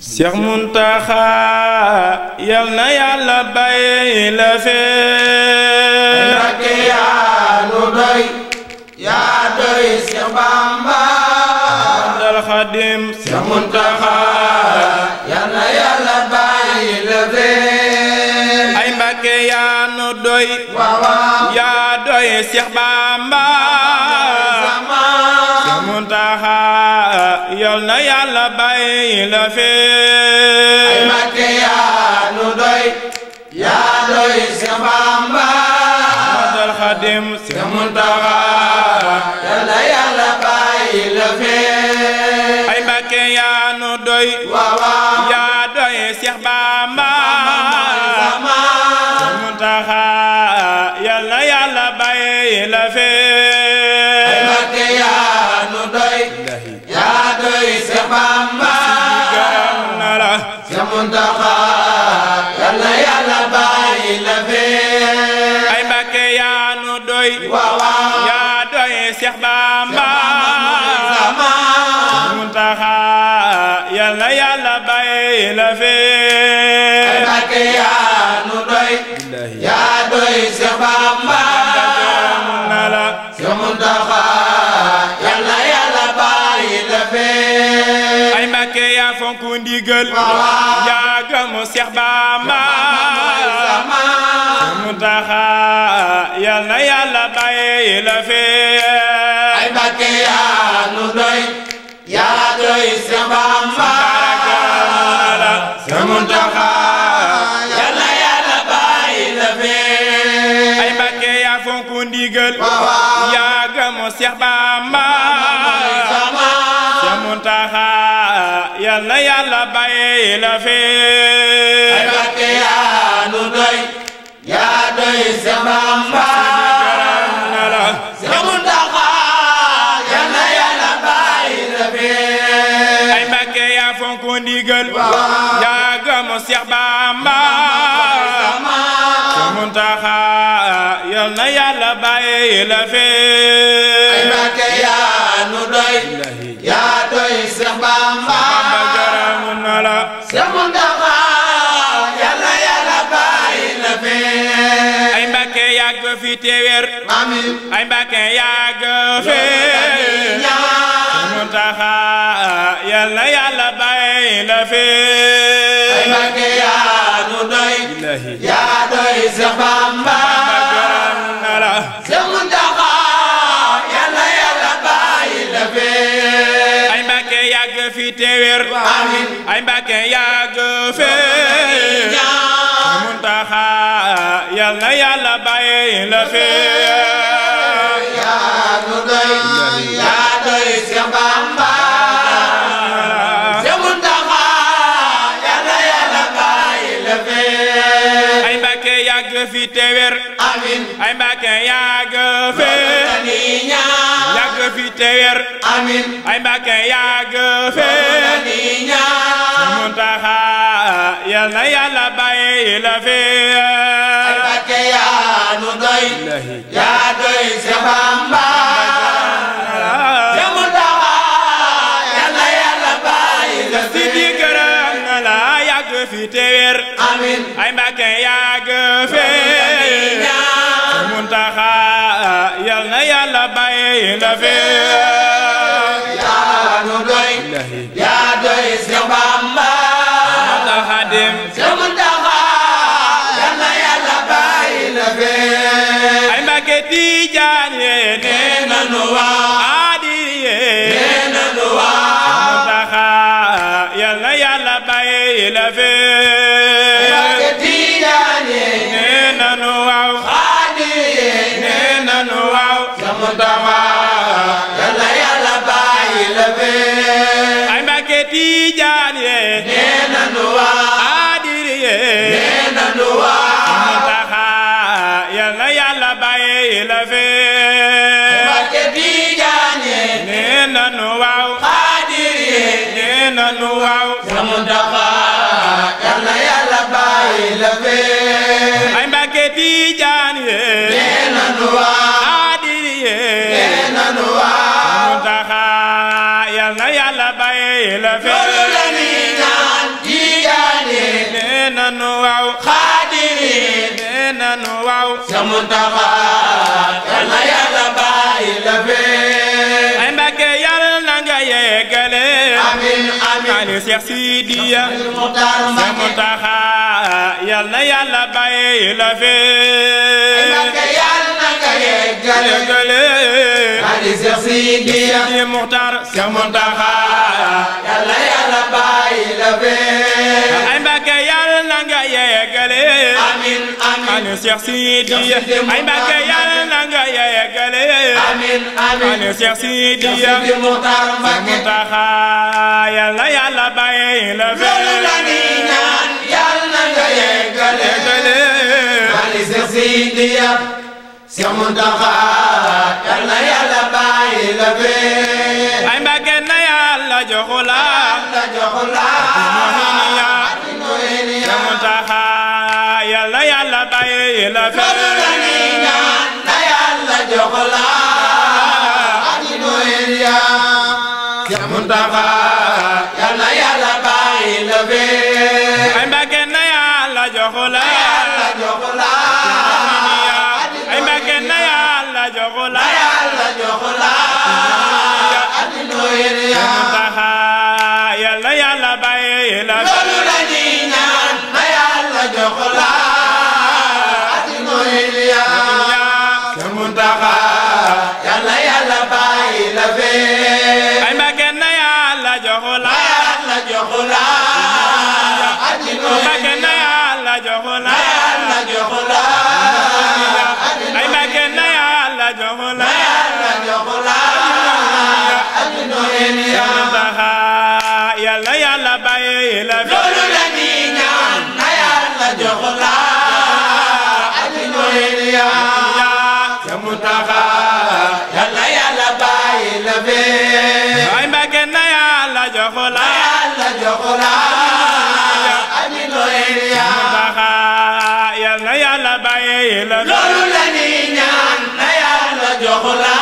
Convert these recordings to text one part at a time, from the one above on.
Seex Muntaxa yal na yàlla bàyyi la fee Mbakke yaa nu doy yaa doy Seex Bamba dal Xaadim Seex Muntaxa yal na yàlla bàyyi la fee ay Mbakke yaa nu doy waawaaw yaa doy Seex Bamba Seex Muntaxa yal na yàlla la fi ay Mbakke yaa nu doy la fi yaa doy Seex Bamba Muntaxa yàlla yàlla bay la fee barke yaa nu doy yaa doy Seex Bamba Seex Muntaxa yàlla yàlla bay la fee ay Mbàkke yaa fonk ndigal yaa gëm Seex Bamba muntaxa yal na yàlla bàyyi la fi ay Mbàkke yaa nu doy yaa doy Seex Bamba Seex Muntaxa yal na yàlla bàyyi la fi ay Mbàkke yaa fonk ndigal yaa gëm Seex Bamba Seex Muntaxa yal na yàlla bàyyi la fi ndigal yaa gëm Seex Bamba Seex Muntaxa yal na yàlla bàyyi la fi ay Mbàkke yaa nu doy yaa doy Seex Bamba jaramu na la Seex Muntaxa yal na yàlla bàyyi la fi ay Mbàkke yàgg fi te wér amiin ay Mbàkke yàgg fi Seex Muntaxa yal na yàlla bàyyi la fee ay yaa nu doy yaa doy Seex Bamba Seex Muntaxa yàlla yàlla bàyyi la fee ay Mbakke yàgg fi te wér ay Mbakke yàgg fee Muntaxa fee yaa nu doy yaa doy Seex Bamba te wér amiin ay Mbàkke yàgg fee yàgg fi te wér amiin ay Mbàkke yàgg fee Muntaxa yal na Yàlla bàyyi la fee ay Mbàkke yaa nu doy wér amiin ay fee Muntaxa yal na Yàlla bàyyi la fee yaa doy yaa Bamba Xaadim Seex Muntaxa yal la fee la fee Mustafa yàlla yàlla bàyyi la fi ay Mbàkke Tijaan ye nee nanu waa Xaadir ye nee nanu waa Muntaxa yàlla yàlla bàyyi la fi ay Mbàkke Tijaan ye nee nanu waaw Xaadir ye nee nanu waaw Muntaxa yàlla yàlla bàyyi la fi ay Mbàkke Tijaan ye nee nanu waaw yal na yal na yàlla la fi yal na yal na yàlla la fi Sidi Muxtaar Seex Muntaxa yàlla yàlla bàyyi la fee ay Mbàkke yàlla na nga yeegale amiin amiin Seex Sidi ay Mbàkke yàlla na nga yeegale amiin amiin Seex Sidi Muxtaar Mbàkke Muntaxa yàlla yàlla bàyyi la fee loolu la ni ñaan yàlla na nga yeegale Seex Sidi Seex Muntaxa yal na yàlla bàyyi la fi ay Mbàkke na yàlla joxu la la joxu la Seex Muntaxa yal na yàlla bàyyi la fi na yàlla joxu la Seex Muntaxa yal na yàlla bàyyi la fi ay Mbàkke na yàlla joxu la yàlla yàlla bàyyi la yal na yàlla bàyyi la fi loolu la ñuy ñaan na yàlla jox la ak ñooyeen yaa ca mu taxa yal na yàlla bàyyi la fi ay mbàkke na yàlla jox la yàlla jox la ak ñooyeen yaa mu taxa yal na yàlla bàyyi la fi loolu la ñuy ñaan na yàlla jox la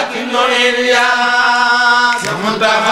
ak ñooyeen yaa ca mu taxa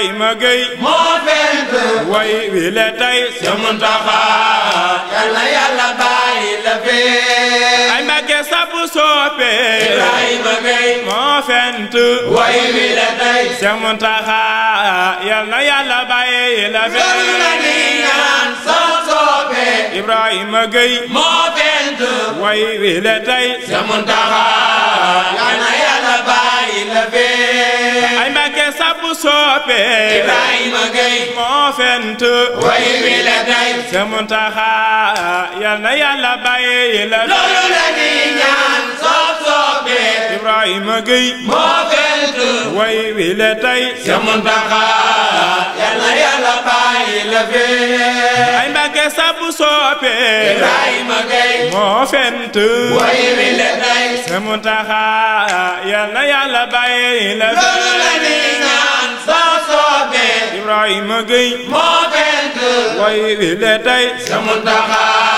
Ibrahima ma moo fent way wi le tey si Muntaxa yàlla yàlla bàyyi la fee ay Mbàkke sab soope Ibrahima Gueye moo fent way wi le tey si Muntaxa yàlla yàlla bàyyi la Ibrahima Gueye moo fent way wi le tey si sab soope yal na yàlla bàyyi la loolu la ni moo fent way wi la day sama taxa yal na yàlla la fee ay mbàkke moo fent way wi la day sama taxa yal na yàlla bàyyi la fee sa soobee Ibrahima Gueye moo fent way wi le tey sa Muntaxa